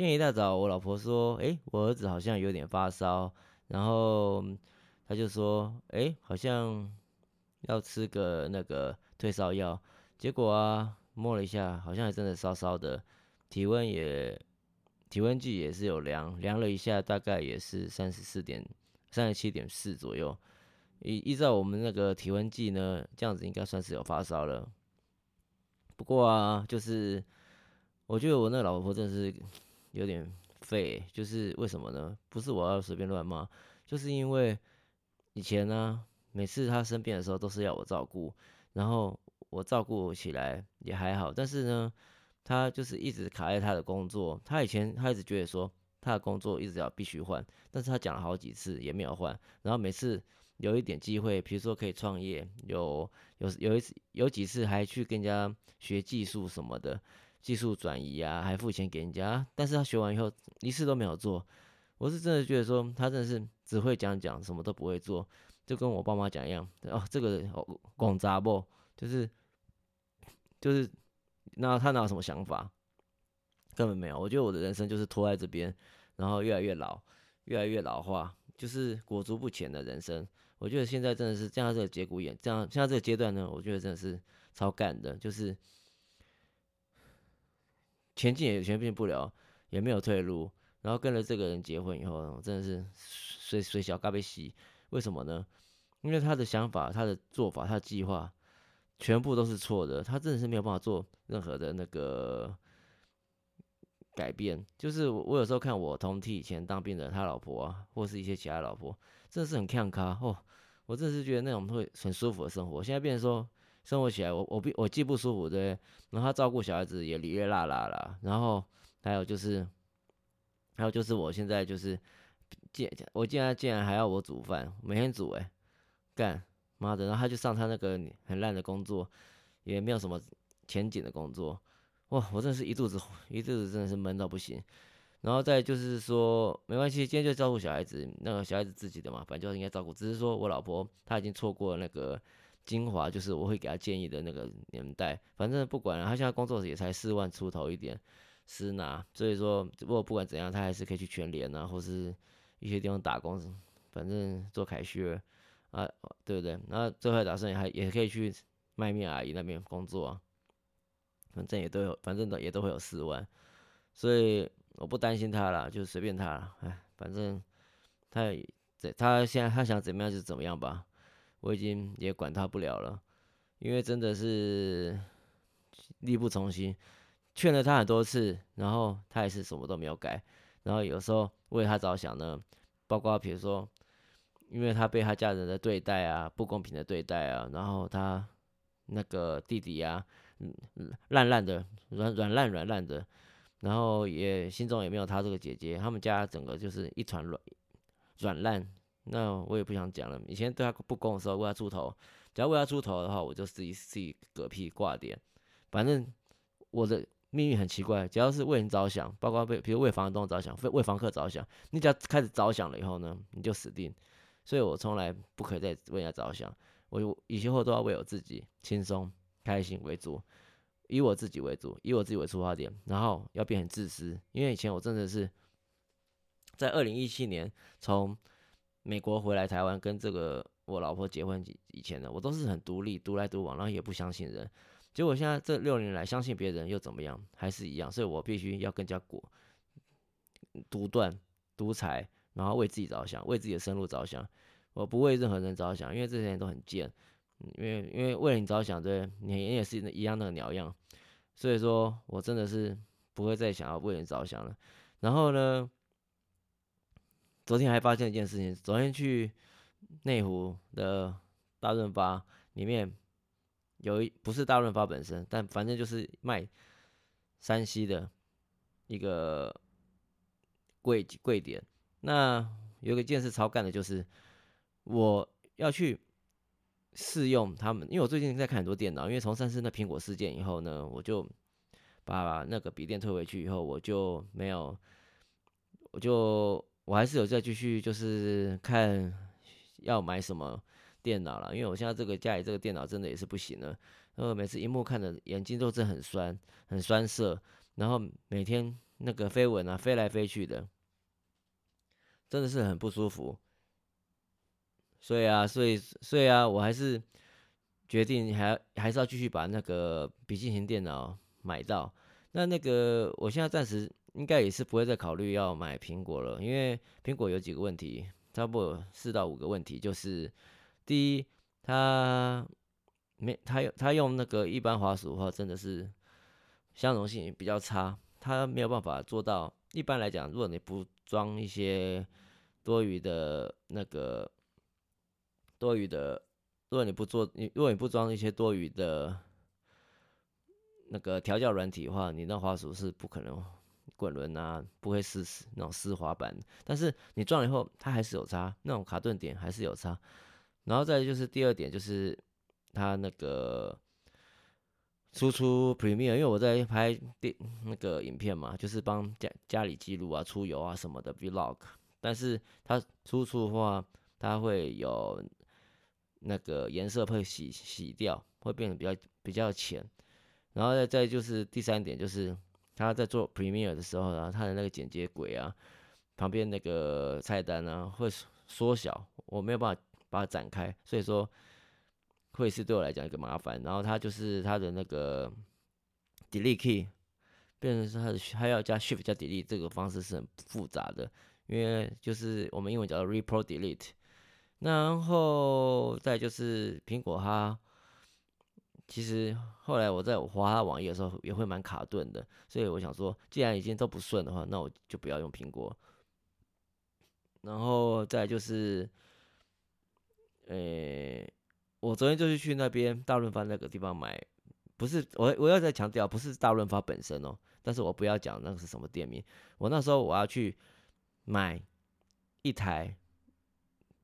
今天一大早，我老婆說：“欸，我兒子好像有點發燒。”然後他就說：“欸，好像要吃個那個退燒藥。”結果啊，摸了一下，好像還真的燒燒的，體溫也體溫計也是有量，量了一下，大概也是三十四點三十七點四左右。依依照我們那個體溫計呢，這樣子應該算是有發燒了。不過啊，就是我覺得我那老婆真的是。有點廢，就是為什麼呢？不是我要隨便亂罵，就是因為以前呢、啊，每次他生病的時候都是要我照顧，然後我照顧起來也還好，但是呢，他就是一直卡在他的工作。他以前他一直覺得說他的工作一直要必須換，但是他講了好幾次也沒有換。然後每次有一點機會，比如說可以創業，有有有一次有幾次還去跟人家學技術什麼的。技術轉移啊，還付錢給人家啊，但是他學完以後一次都沒有做。我是真的覺得說，他真的是只會講講，什麼都不會做，就跟我爸媽講一樣。哦，這個哦、廣雜不，就是就是，那他哪有什麼想法？根本沒有。我覺得我的人生就是拖在這邊，然後越來越老，越來越老化，就是裹足不前的人生。我覺得現在真的是，這樣這個節骨眼，這樣，現在這個階段呢，我覺得真的是超幹的，就是。前進也前進不了，也沒有退路。然後跟了這個人結婚以後，我真的是隨隨小咖被洗。為什麼呢？因為他的想法、他的做法、他的計劃，全部都是錯的。他真的是沒有辦法做任何的那個改變。就是我，我有時候看我同梯以前當兵的他老婆啊，或是一些其他老婆，真的是很看咖哦。我真的是覺得那種會很舒服的生活，現在變成說。生活起來我，我我不我既不舒服對不對？然後他照顧小孩子也哩哩拉拉啦。然後還有就是，還有就是我現在就是，我竟然竟然還要我煮飯，每天煮哎、欸，幹，媽的，然後他就上他那個很爛的工作，也沒有什麼前景的工作，哇，我真的是一肚子一肚子真的是悶到不行，然後再就是說沒關係，今天就照顧小孩子，那個小孩子自己的嘛，反正就應該照顧，只是說我老婆她已經錯過那個。精華就是我會給他建議的那個年代，反正不管、啊、他現在工作也才四萬出頭一點，私拿，所以說不過不管怎樣，他還是可以去全聯啊，或是一些地方打工，反正做凱虛啊，對不對？那最後打算還也，也可以去賣麵阿姨那邊工作，啊，反正也都有，反正也都會有四萬，所以我不擔心他了，就隨便他了，哎，反正他也他現在他想怎麼樣就怎麼樣吧。我已經也管他不了了，因為真的是力不從心，勸了他很多次，然後他也是什麼都沒有改。然後有時候為他着想呢，包括比如說，因為他被他家人的對待啊，不公平的對待啊，然後他那個弟弟啊，嗯，爛爛的，軟軟爛軟爛的，然後也心中也沒有他這個姐姐，他們家整個就是一團軟軟爛。那我也不想講了。以前對他不公的時候，為他出頭；只要為他出頭的話，我就自己自己嗝屁掛點。反正我的命運很奇怪，只要是為人着想，包括被，比如為房東着想，為房客着想，你只要開始着想了以後呢，你就死定。所以我從來不可以再為人家着想，我就以後都要為我自己輕鬆開心為主，以我自己為主，以我自己為出發點，然後要變很自私，因為以前我真的是在二零一七年從。美國回來台灣跟這個我老婆結婚以以前呢，我都是很獨立、獨來獨往，然後也不相信人。結果現在這六年來，相信別人又怎麼樣？還是一樣，所以我必須要更加果獨斷、獨裁，然後為自己着想，為自己的生路着想。我不為任何人着想，因為這些人都很賤。因為因為為了你着想，對，你也是一樣樣的鳥樣。所以說，我真的是不會再想要為你着想了。然後呢？昨天還發現一件事情，昨天去內湖的大潤發裡面，有一不是大潤發本身，但反正就是賣 3C 的一個櫃櫃點。那有一個件事超幹的，就是我要去試用他們，因為我最近在看很多電腦，因為從上次那蘋果事件以後呢，我就把，把那個筆電退回去以後，我就沒有，我就。我還是有在繼續，就是看要買什麼電腦了，因為我現在這個家裡這個電腦真的也是不行了，呃，每次熒幕看的眼睛都是很酸，很酸澀，然後每天那個飛蚊啊飛來飛去的，真的是很不舒服。所以啊，所以所以啊，我還是決定還還是要繼續把那個筆記型電腦買到。那那個我現在暫時。應該也是不會再考慮要買蘋果了，因為蘋果有幾個問題，差不多四到五個問題，就是第一，它沒它用它用那個一般滑鼠的話，真的是相容性比較差，它沒有辦法做到。一般來講，如果你不裝一些多餘的那個多餘的，如果你不做你如果你不裝一些多餘的那個調校軟體的話，你那滑鼠是不可能。滾輪啊，不會是那種絲滑版，但是你撞了以後，它還是有差，那種卡頓點還是有差。然後再就是第二點，就是它那個輸出 Premiere，因為我在拍電那個影片嘛，就是幫家家裡記錄啊、出遊啊什麼的 Vlog，但是它輸出的話，它會有那個顏色會洗洗掉，會變得比較比較淺。然後再再就是第三點就是。他在做 Premiere 的時候呢，然後他的那個剪接軌啊，旁邊那個菜單啊會縮小，我沒有辦法把它展開，所以說會是對我來講一個麻煩。然後他就是他的那個 Delete Key 變成是他的，他要加 Shift 加 Delete，這個方式是很複雜的，因為就是我們英文叫 Report Delete。然後再就是蘋果哈。其實後來我在我滑他網頁的時候也會蠻卡頓的，所以我想說，既然已經都不順的話，那我就不要用蘋果。然後再就是誒，我昨天就是去那邊大潤發那個地方買，不是我我要再強調，不是大潤發本身哦，但是我不要講那個是什麼店名。我那時候我要去買一台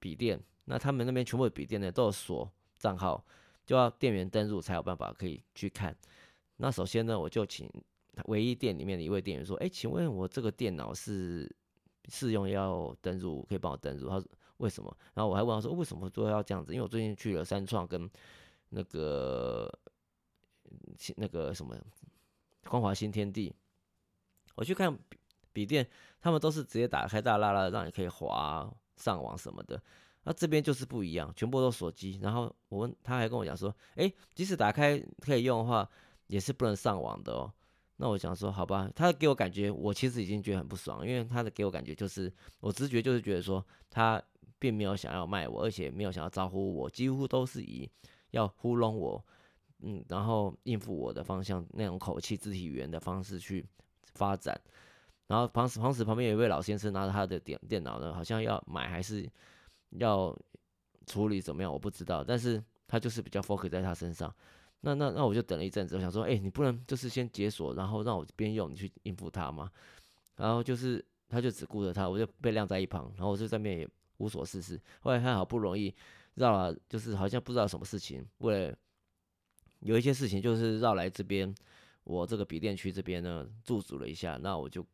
筆電，那他們那邊全部筆電呢都有鎖賬號。就要店員登入才有辦法可以去看。那首先呢，我就請唯一店裡面的一位店員說：“哎、欸，請問我這個電腦是試用要登入，可以幫我登入？”他說：“為什麼？”然後我還問他說：“為什麼都要這樣子？”因為我最近去了三創跟那個那個什麼光華新天地，我去看筆電，他們都是直接打開大剌剌，讓你可以滑上網什麼的。那這邊就是不一樣，全部都鎖機。然後我問，他還跟我講說：“誒、欸，即使打開可以用的話，也是不能上網的哦。”那我想說，好吧。他給我感覺，我其實已經覺得很不爽，因為他的給我感覺就是，我直覺就是覺得說，他並沒有想要賣我，而且沒有想要招呼我，幾乎都是以要糊弄我，嗯，然後應付我的方向那種口氣、肢體語言的方式去發展。然後旁旁旁旁邊有一位老先生拿着他的電電腦呢，好像要買還是。要處理怎麼樣，我不知道。但是他就是比較 focus 在他身上。那那那我就等了一陣子，我想說，哎、欸，你不能就是先解鎖，然後讓我邊用你去應付他嗎？然後就是他就只顧着他，我就被晾在一旁。然後我就在那邊也無所事事。後來他好不容易繞了，就是好像不知道什麼事情，為了有一些事情就是繞來這邊，我這個筆電區這邊呢駐足了一下。那我就。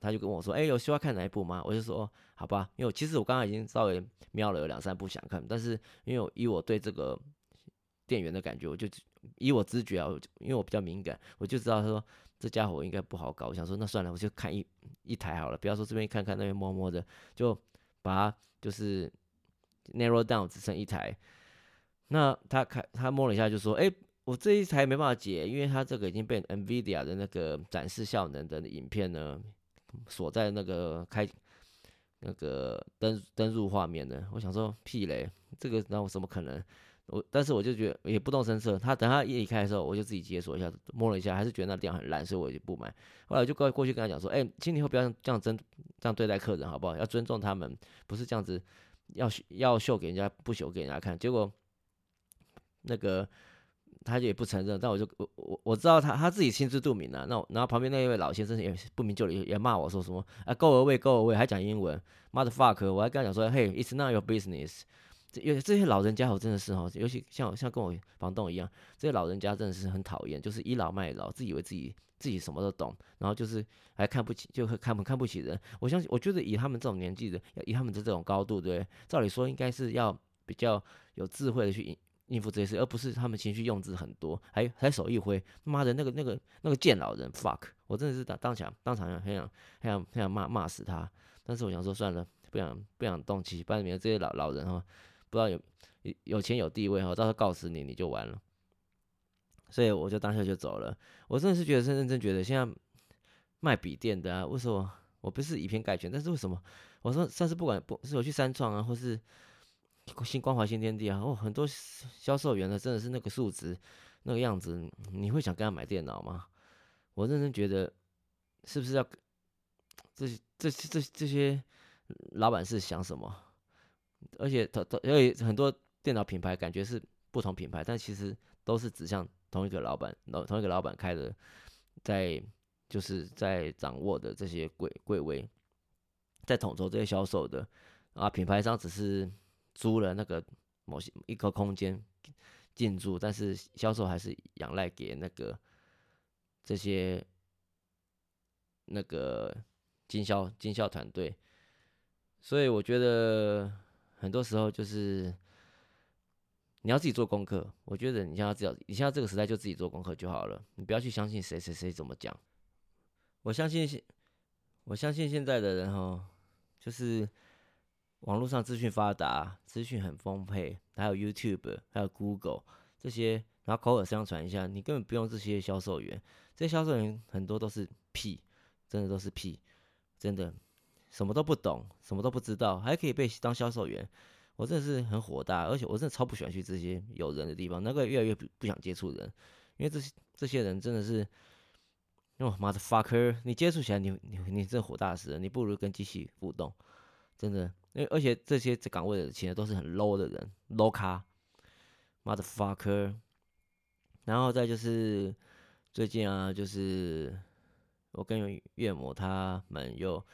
他就跟我說：“哎、欸，有需要看哪一部嗎？”我就說：“好吧。”因為我其實我剛剛已經稍微瞄了有兩三部想看，但是因為我以我對這個電源的感覺，我就以我直覺啊，因為我比較敏感，我就知道他說這家伙應該不好搞。我想說那算了，我就看一一台好了，不要說這邊看看那邊摸摸的，就把它就是 narrow down 只剩一台。那他看他摸了一下就說：“哎、欸，我這一台沒辦法解，因為他這個已經被 Nvidia 的那個展示效能的影片呢。”鎖在那個開那個登登入畫面的，我想說屁嘞，這個那我怎麼可能？我但是我就覺得也不動聲色。他等他一離開的時候，我就自己解鎖一下，摸了一下，還是覺得那電很爛，所以我就不買。後來就過過去跟他講說，哎、欸，請你以後不要這樣真這樣對待客人，好不好？要尊重他們，不是這樣子要，要要秀給人家，不秀給人家看。結果那個。他就也不承認，但我就我我我知道他他自己心知肚明了、啊。那我然後旁邊那一位老先生也不明就裡，也罵我說什麼啊 go away go away 還講英文媽的 fuck，我還跟他講說 hey, it's not your business。這因為這些老人家，我真的是哦，尤其像像跟我房東一樣，這些老人家真的是很討厭，就是倚老賣老，自以為自己自己什麼都懂，然後就是還看不起，就看不看不起人。我相信，我覺得以他們這種年紀的，以他們的這種高度，對不對？照理說應該是要比較有智慧的去引。應付這些事，而不是他們情緒用字很多，還還手一揮，媽的，那個那個那個賤老人 fuck，我真的是當當場當場想很想很想很想罵罵死他。但是我想說算了，不想不想動氣。班裡面這些老老人哈，不知道有有有錢有地位哈，到時候告死你你就完了。所以我就當下就走了。我真的是覺得是認真覺得，現在賣筆電的啊，為什麼我不是以偏概全？但是為什麼我說算是不管不是我去三創啊，或是。新光華、新天地啊，哦，很多銷售員呢，真的是那個素質、那個樣子，你會想跟他買電腦嗎？我認真覺得，是不是要這這這這？這些、這些、這這些老闆是想什麼？而且他、他，因為很多電腦品牌感覺是不同品牌，但其實都是指向同一個老闆，同同一個老闆開的，在就是在掌握的這些櫃櫃位，在統籌這些銷售的啊，品牌商只是。租了那個某些一個空間進駐，但是銷售還是仰賴給那個這些那個經銷經銷團隊，所以我覺得很多時候就是你要自己做功課。我覺得你現在只要你現在這個時代就自己做功課就好了，你不要去相信誰誰誰怎麼講。我相信現我相信現在的人哦，就是。網絡上資訊發達，資訊很豐沛，還有 YouTube，還有 Google 這些，然後口耳相傳一下，你根本不用這些銷售員，這些銷售員很多都是屁，真的都是屁，真的什麼都不懂，什麼都不知道，還可以被當銷售員，我真的是很火大，而且我真的超不喜歡去這些有人的地方，那個越來越不不想接觸人，因為這些這些人真的是，哦、oh, motherfucker，你接觸起來你你你這火大死，你不如跟機器互動，真的。而且這些這崗位的其實都是很 low 的人，low 咖，motherfucker。然後再就是最近啊，就是我跟岳母他們又有,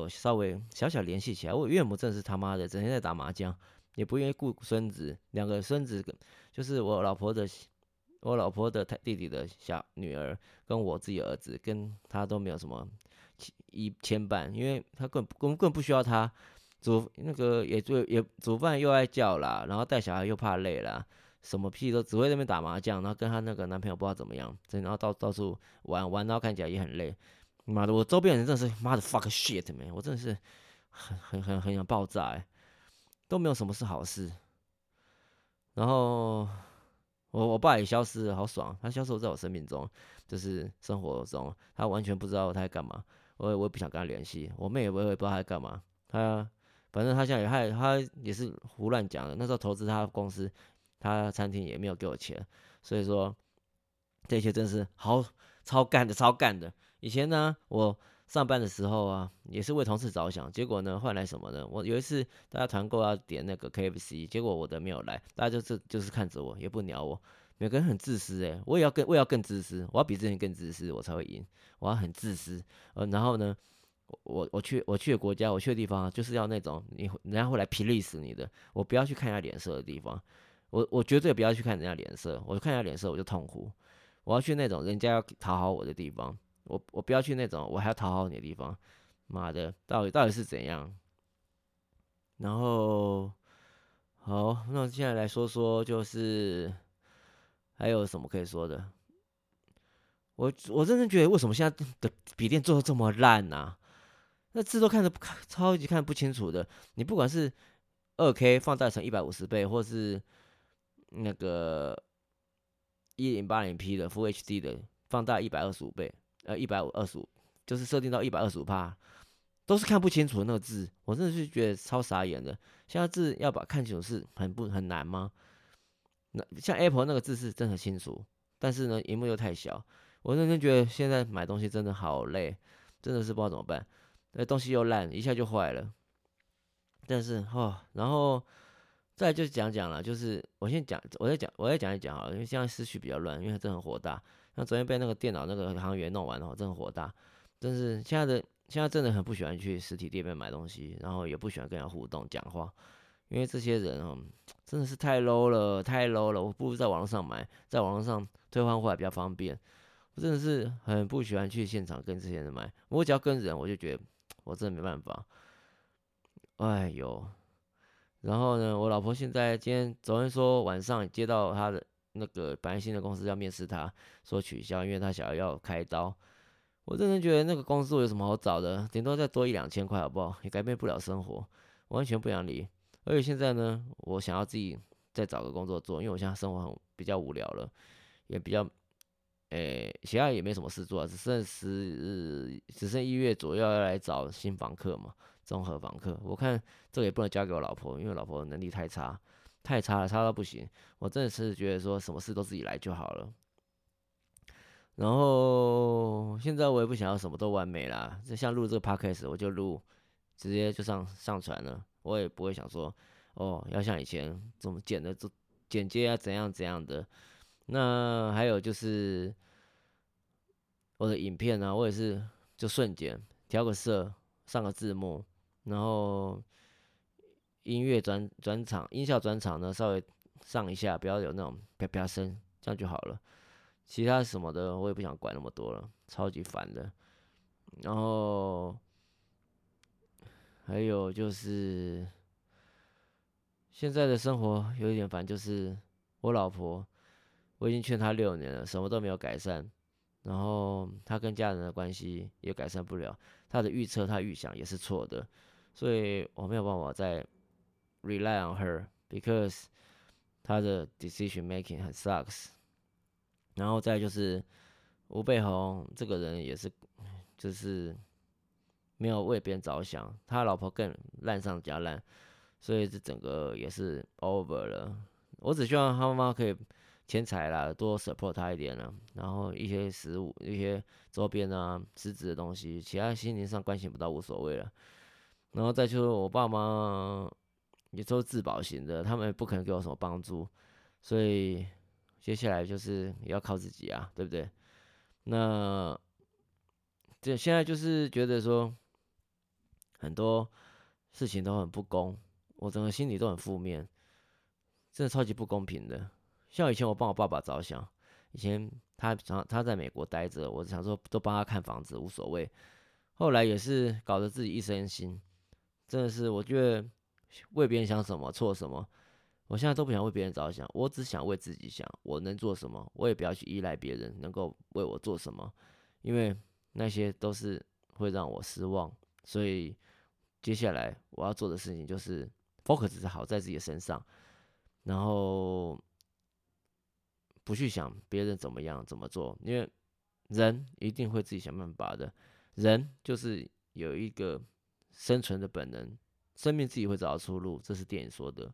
有稍微小小聯繫起來。我岳母真是他媽的，整天在打麻將，也不願意顧孫子。兩個孫子就是我老婆的我老婆的弟弟的小女兒跟我自己兒子，跟他都沒有什麼牽牽絆，因為他更更更不需要他。煮那個也就，也煮飯又愛叫啦，然後帶小孩又怕累啦，什麼屁都只會在那邊打麻將，然後跟她那個男朋友不知道怎麼樣，然後到到處玩玩，然後看起來也很累。媽的，我周邊人真的是 mother fuck shit，我真的是很很很很想爆炸、欸，都沒有什麼是好事。然後我我爸也消失了，好爽，他消失了在我生命中，就是生活中，他完全不知道他在幹嘛，我也我也不想跟他聯繫，我妹也不不知道他在幹嘛，他。反正他現在也害他也是胡亂講的。那時候投資他公司，他餐廳也沒有給我錢，所以說這些真是好超幹的超幹的。以前呢，我上班的時候啊，也是為同事着想，結果呢，換來什麼呢？我有一次大家團購要點那個 KFC，結果我的沒有來，大家就是就是看着我也不鳥我。每個人很自私誒、欸，我也要更我也要更自私，我要比之前更自私，我才會贏。我要很自私，嗯、呃，然後呢？我我去我去的國家，我去的地方就是要那種你人家會來霹靂死你的，我不要去看人家臉色的地方，我我絕對不要去看人家臉色，我看人家臉色我就痛苦。我要去那種人家要討好我的地方，我我不要去那種我還要討好你的地方。媽的，到底到底是怎樣？然後好，那我現在來說說就是還有什麼可以說的？我我真正覺得為什麼現在的筆電做得這麼爛啊？那字都看着超級看不清楚的，你不管是二 K 放大成一百五十倍，或是那個一零八零 P 的 Full HD 的放大一百二十五倍，呃，一百五二十五就是設定到一百二十五帕，都是看不清楚的那個字。我真的是覺得超傻眼的，現在字要把看清楚是很不很難嗎？那像 Apple 那個字是真的很清楚，但是呢，熒幕又太小，我認真的覺得現在買東西真的好累，真的是不知道怎麼辦。那東西又爛，一下就壞了。但是哦，然後再就講講了，就是我先講，我再講，我再講一講好了。因為現在思緒比較亂，因為真的很火大。像昨天被那個電腦那個行員弄完的話，真的很火大。但是現在的現在真的很不喜歡去實體店面買東西，然後也不喜歡跟人互動講話，因為這些人哦，真的是太 low 了，太 low 了。我不如在網絡上買，在網絡上退換貨還比較方便。我真的是很不喜歡去現場跟這些人買。我只要跟人，我就覺得。我真的沒辦法，哎呦！然後呢，我老婆現在今天昨天說晚上接到她的那個白信的公司要面試，她說取消，因為她想要開刀。我真的覺得那個公司有什麼好找的？頂多再多一兩千塊，好不好？也改變不了生活，完全不想理。而且現在呢，我想要自己再找個工作做，因為我現在生活很比較無聊了，也比較。誒、欸，其他也沒什麼事做啊，只剩十、呃、只剩一月左右要來找新房客嘛，綜合房客。我看這個也不能交給我老婆，因為老婆能力太差，太差了，差到不行。我真的是覺得說，什麼事都自己來就好了。然後現在我也不想要什麼都完美啦，就像錄這個 podcast 我就錄，直接就上上傳了，我也不會想說，哦，要像以前怎麼剪的，怎剪接啊，怎樣怎樣的。那還有就是我的影片呢、啊,我也是就瞬間調個色，上個字幕，然後音樂轉轉場、音效轉場呢，稍微上一下，不要有那種啪啪聲，這樣就好了。其他什麼的我也不想管那麼多了，超級煩的。然後還有就是現在的生活有一點煩，就是我老婆。我已經勸他六年了，什麼都沒有改善，然後他跟家人的關係也改善不了，他的預測、他預想也是錯的，所以我沒有辦法再 rely on her，because 他的 decision making 很 sucks。然後再就是吳貝紅這個人也是，就是沒有為別人着想，他老婆更爛上加爛，所以這整個也是 over 了。我只希望他媽媽可以。錢財啦，多 support 他一點了啊，然後一些食物、一些週邊啊、實質的東西，其他心靈上關心不到無所謂了。然後再就是我爸媽也都是自保型的，他們不可能給我什麼幫助，所以接下來就是也要靠自己啊，對不對？那這現在就是覺得說很多事情都很不公，我整個心裡都很負面，真的超級不公平的。像以前我幫我爸爸着想，以前他想他在美國待着，我想說都幫他看房子無所謂。後來也是搞得自己一身腥，真的是我覺得為別人想什麼錯什麼，我現在都不想為別人着想，我只想為自己想，我能做什麼，我也不要去依賴別人能夠為我做什麼，因為那些都是會讓我失望。所以接下來我要做的事情就是 focus 好在自己的身上，然後。不去想別人怎麼樣怎麼做，因為人一定會自己想辦法的。人就是有一個生存的本能，生命自己會找到出路，這是電影說的。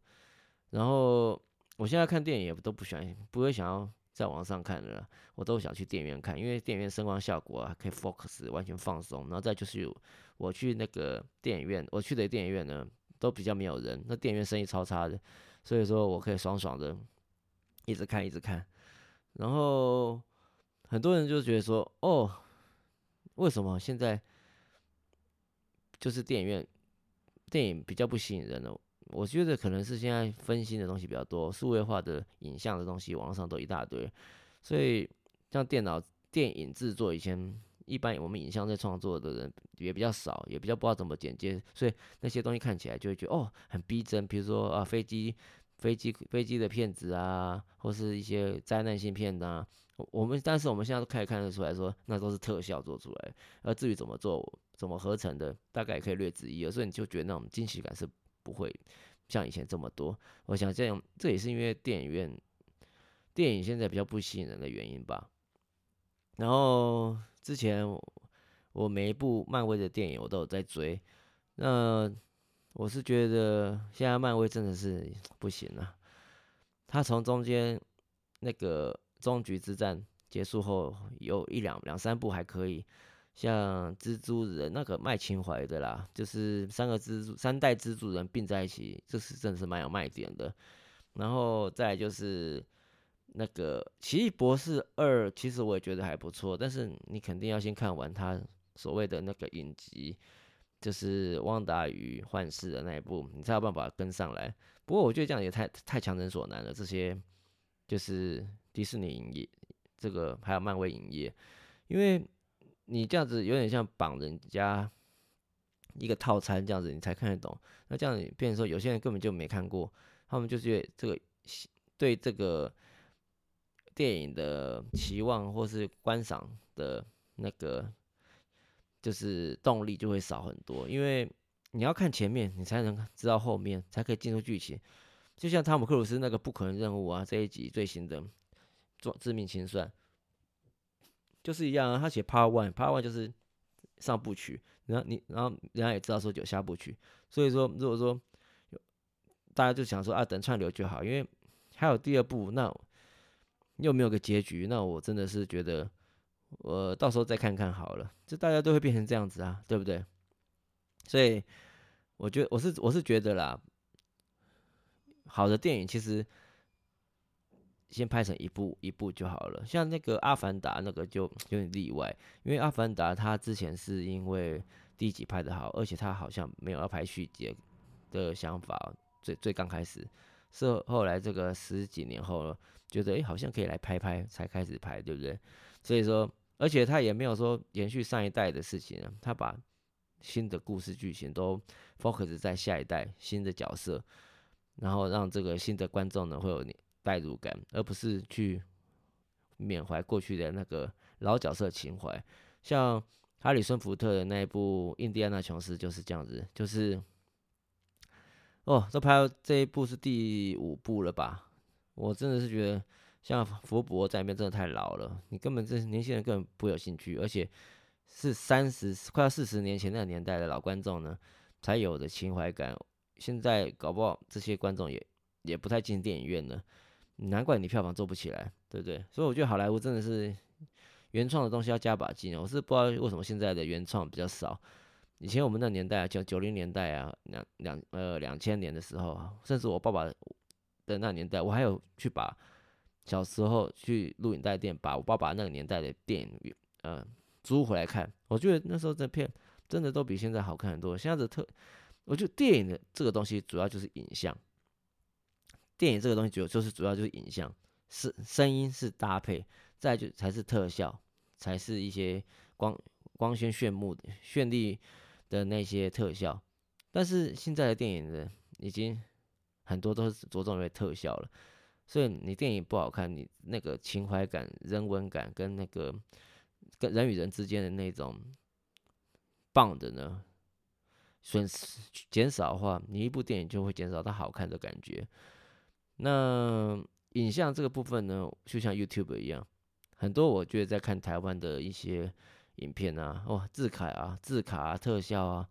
然後我現在看電影也都不喜歡，不會想要在網上看了，我都想去電影院看，因為電影院聲光效果啊，可以，focus 完全放鬆。然後再就是有我去那個電影院，我去的電影院呢都比較沒有人，那電影院生意超差的，所以說我可以爽爽的一直看一直看。然後很多人就覺得說，哦，為什麼現在就是電影院電影比較不吸引人呢？我覺得可能是現在分心的東西比較多，數位化的影像的東西網絡上都一大堆，所以像電腦電影製作以前一般，我們影像在創作的人也比較少，也比較不知道怎麼剪接，所以那些東西看起來就會覺得哦，很逼真，比如說啊飛機。飛機飛機的片子啊，或是一些災難性片吶、啊，我我們但是我們現在都可以看得出來說，那都是特效做出來的。而至於怎麼做、怎麼合成的，大概也可以略知一二，所以你就覺得那種驚喜感是不會像以前這麼多。我想這樣，這也是因為電影院電影現在比較不吸引人的原因吧。然後之前我，我每一部漫威的電影我都有在追，那。我是覺得現在漫威真的是不行了啊。他從中間那個終局之戰結束後，有一兩兩三部還可以，像蜘蛛人那個賣情懷的啦，就是三個蜘蛛三代蜘蛛人並在一起，這是真的是蠻有賣點的。然後再就是那個奇異博士二，其實我也覺得還不錯，但是你肯定要先看完他所謂的那個影集。就是《旺達與幻視》的那一部，你才有辦法跟上來。不過我覺得這樣也太太強人所難了。這些就是迪士尼影業，這個還有漫威影業，因為你這樣子有點像綁人家一個套餐這樣子，你才看得懂。那這樣子變成說，有些人根本就沒看過，他們就是這個對這個電影的期望或是觀賞的那個。就是動力就會少很多，因為你要看前面，你才能知道後面，才可以進入劇情。就像湯姆克魯斯那個不可能任務啊，這一集最新的做《致命清算》就是一樣啊。他寫 Part One，Part One 就是上部曲，然後你然後人家也知道說有下部曲，所以說如果說大家就想說啊，等串流就好，因為還有第二部，那又沒有個結局，那我真的是覺得。我到時候再看看好了，就大家都會變成這樣子啊，對不對？所以，我覺得我是我是覺得啦，好的電影其實先拍成一部一部就好了。像那個《阿凡達》，那個就有點例外，因為《阿凡達》他之前是因為第一集拍的好，而且他好像沒有要拍續集的想法。最最剛開始是後來這個十幾年後了，覺得哎好像可以來拍拍，才開始拍，對不對？所以說。而且他也沒有說延續上一代的事情啊，他把新的故事劇情都 focus 在下一代新的角色，然後讓這個新的觀眾呢會有代入感，而不是去緬懷過去的那個老角色情懷。像哈里森福特的那一部《印第安納瓊斯》就是這樣子，就是哦，這拍到這一部是第五部了吧？我真的是覺得。像《福伯》在那邊真的太老了，你根本這年輕人根本不有興趣，而且是三十快要四十年前那個年代的老觀眾呢才有的情懷感。現在搞不好這些觀眾也也不太進電影院了，難怪你票房做不起來，對不對？所以我覺得好萊塢真的是原創的東西要加把勁。我是不知道為什麼現在的原創比較少。以前我們那年代啊，九九零年代啊，兩兩呃兩千年的時候，甚至我爸爸的那年代，我還有去把。小時候去錄影帶店，把我爸爸那個年代的電影，呃，租回來看。我覺得那時候的片真的都比現在好看很多。現在的特，我覺得電影的這個東西主要就是影像。電影這個東西主就是主要就是影像，是聲音是搭配，再就才是特效，才是一些光光鮮炫目的絢麗的那些特效。但是現在的電影的已經很多都是着重於特效了。所以你電影不好看，你那個情懷感、人文感跟那個跟人與人之間的那種棒的呢，損失、嗯、減少的話，你一部電影就會減少它好看的感覺。那影像這個部分呢，就像 YouTube 一樣，很多我覺得在看台灣的一些影片啊，哦，字卡啊、字卡啊、特效啊，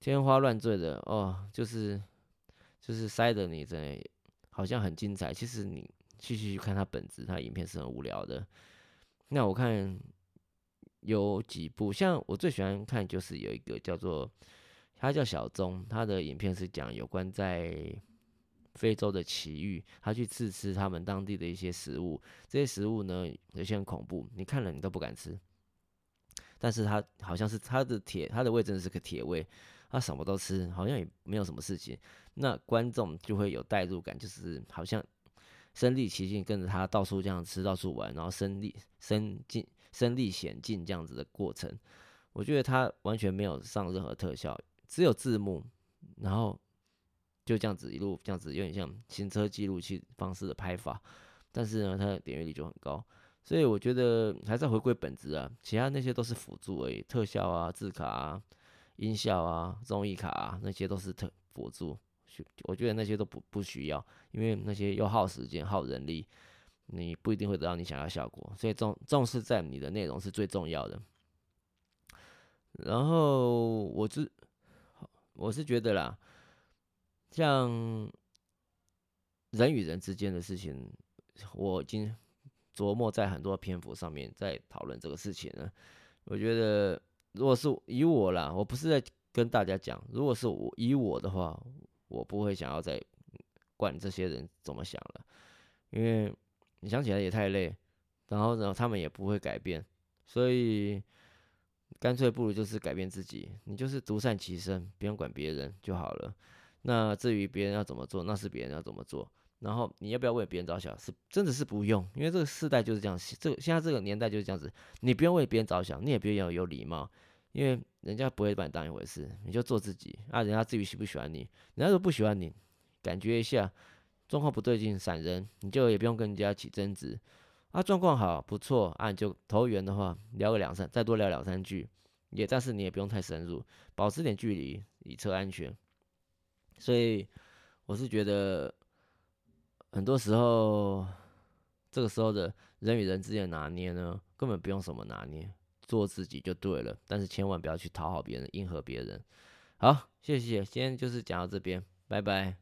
天花亂墜的哦，就是就是塞得你在。好像很精彩，其實你繼續去看他本質，他的影片是很無聊的。那我看有幾部，像我最喜歡看就是有一個叫做他叫小鍾，他的影片是講有關在非洲的奇遇，他去吃吃他們當地的一些食物，這些食物呢，有些很恐怖，你看了你都不敢吃。但是他好像是他的鐵，他的胃真的是個鐵胃。他、啊、什麼都吃，好像也沒有什麼事情。那觀眾就會有代入感，就是好像身歷其境，跟着他到處這樣吃，到處玩，然後身歷身進身歷險境這樣子的過程。我覺得他完全沒有上任何特效，只有字幕，然後就這樣子一路這樣子，有點像行車記錄器方式的拍法。但是呢，他的點閱率就很高。所以我覺得還是要回歸本質啊，其他那些都是輔助而已，特效啊，字卡啊。音效啊、綜藝卡啊，那些都是特輔助，我覺得那些都不不需要，因為那些又耗時間、耗人力，你不一定會得到你想要效果，所以重重視在你的內容是最重要的。然後我之，我是覺得啦，像人與人之間的事情，我已經琢磨在很多篇幅上面在討論這個事情了，我覺得。如果是以我啦，我不是在跟大家講。如果是我以我的話，我不會想要再管這些人怎麼想了，因為你想起來也太累。然後呢，他們也不會改變，所以乾脆不如就是改變自己，你就是獨善其身，不用管別人就好了。那至於別人要怎麼做，那是別人要怎麼做。然後你要不要為別人着想？是，真的是不用，因為這個世代就是這樣，這個、現在這個年代就是這樣子，你不用為別人着想，你也不要有禮貌，因為人家不會把你當一回事，你就做自己啊。人家至於喜不喜歡你，人家都不喜歡你，感覺一下狀況不對勁，閃人，你就也不用跟人家起爭執啊。狀況好不錯啊，你就投緣的話，聊個兩三，再多聊兩三句，也但是你也不用太深入，保持點距離，以策安全。所以我是覺得。很多時候，這個時候的人與人之間的拿捏呢，根本不用什麼拿捏，做自己就對了。但是千萬不要去討好別人，迎合別人。好，謝謝，今天就是講到這邊，拜拜。